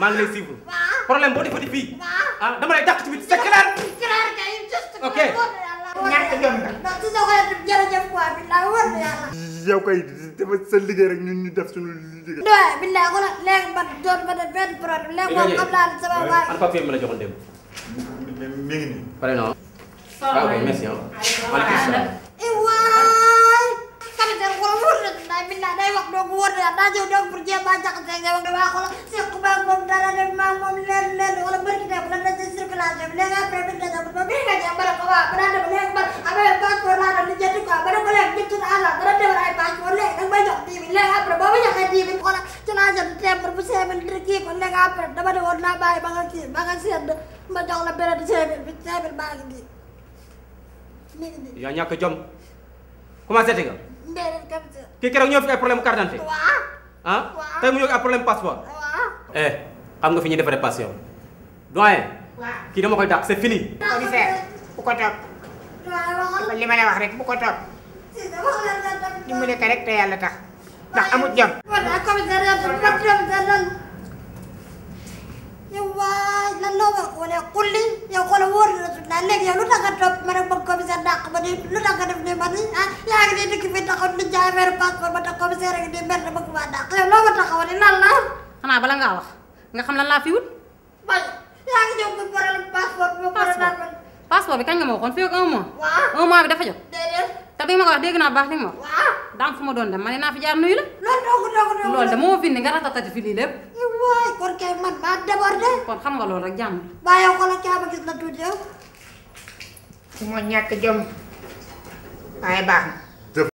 maa ngi lay suivre problème boo defati fii ah dama lay dàq tamit c'est clair. ok. ñàkk jom nga. jërëjëf quoi billaay war na yàlla. yow kay dafa sa liggéey rek ñun ñu def suñu liggéey. waaye billaay kon léegi man doon ma def benn problème léegi moom xam naa ne sama waay. an papier bi ma la joxoon démb. mi ngi nii. pare non. Ah, salaamaaleykum merci ah. maaleykum salaam. waay. tamit wóor na billaay day wax donc wóor na yàlla daa ñëw donc pour jéem a jaxase nga wax ne waa xoolal moom daanaka maa moom leen leen wala mbir ki dem lan la ci circulation bi léegi après bi nga ko ba bii nga ñëw mën a ko waaw ba daan dem léegi man amee passeport laa doon lijjanti quoi ba ne ko léegi jënd àll ba doon defar ay passeport léegi da nga may jox dix mille léegi après boo ma joxee dix mille wala ci laa jënd timbre bu cinq mille kii ko léegi après dama ne woon naa bàyyi ba nga kii ba nga seetlu ma jox la beneen cinq mille bi cinq mille baa ngi nii mi ngi nii. yaa ñàkk jom commencé ti nga. ndéeréer kam si. kii keroog ñoo fi ay problème carte d'identité. waaw ah tey mu ñëw ak problème passeport eh xam nga fi ñuy defaree passion doyen. waaw kii dama koy dàq c'est fini. commissaire ko topp. li ma la wax rek bu ko topp. mu nekk rek yàlla tax ndax amut jom. yow waay lan loo wax wala kulli yow xoolal wóor na la tuuti léegi yow lu tax topp ma rek ba commissaire dàq ba nii lu tax nga nii ma nii ah yaa ngi nii dëkk bi taxaw di jaay affaire passeport ba tax commissaire rek di mer bëgg maa dàq yow loo ma taxaw ni lan la. xanaa bala ngaa wax nga xam lan laa fi wut. bay yaa bi ba pare man. passeport kañ nga ma waxoon fii ak un bi dafa jot. déedéet te bi wax dégg naa baax li nga ma fu ma doon dem ma ne naa fi jaar nuyu la. loolu doogu doogu doogu de moo fi ne nga ratatati fi lii lépp. Eh, waay kon kay man maa débordé. xam nga loolu rek jàmm. waaye xoolal caa ma gis baax na.